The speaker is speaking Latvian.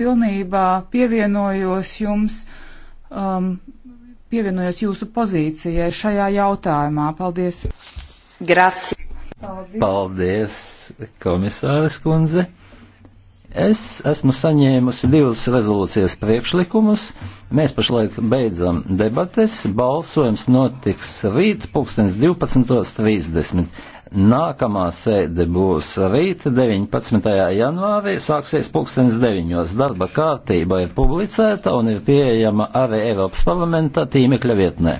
pilnībā pievienojos jums, um, pievienojos jūsu pozīcijai šajā jautājumā. Paldies! Grazie! Paldies, Paldies komisāres kundze! Es esmu saņēmusi divus rezolūcijas priekšlikumus. Mēs pašlaik beidzam debates. Balsojums notiks rīt, pulkstens 12.30. Nākamā sēde būs rīt, 19. janvārī, sāksies pulkstens 9. Darba kārtība ir publicēta un ir pieejama arī Eiropas parlamenta tīmekļa vietnē.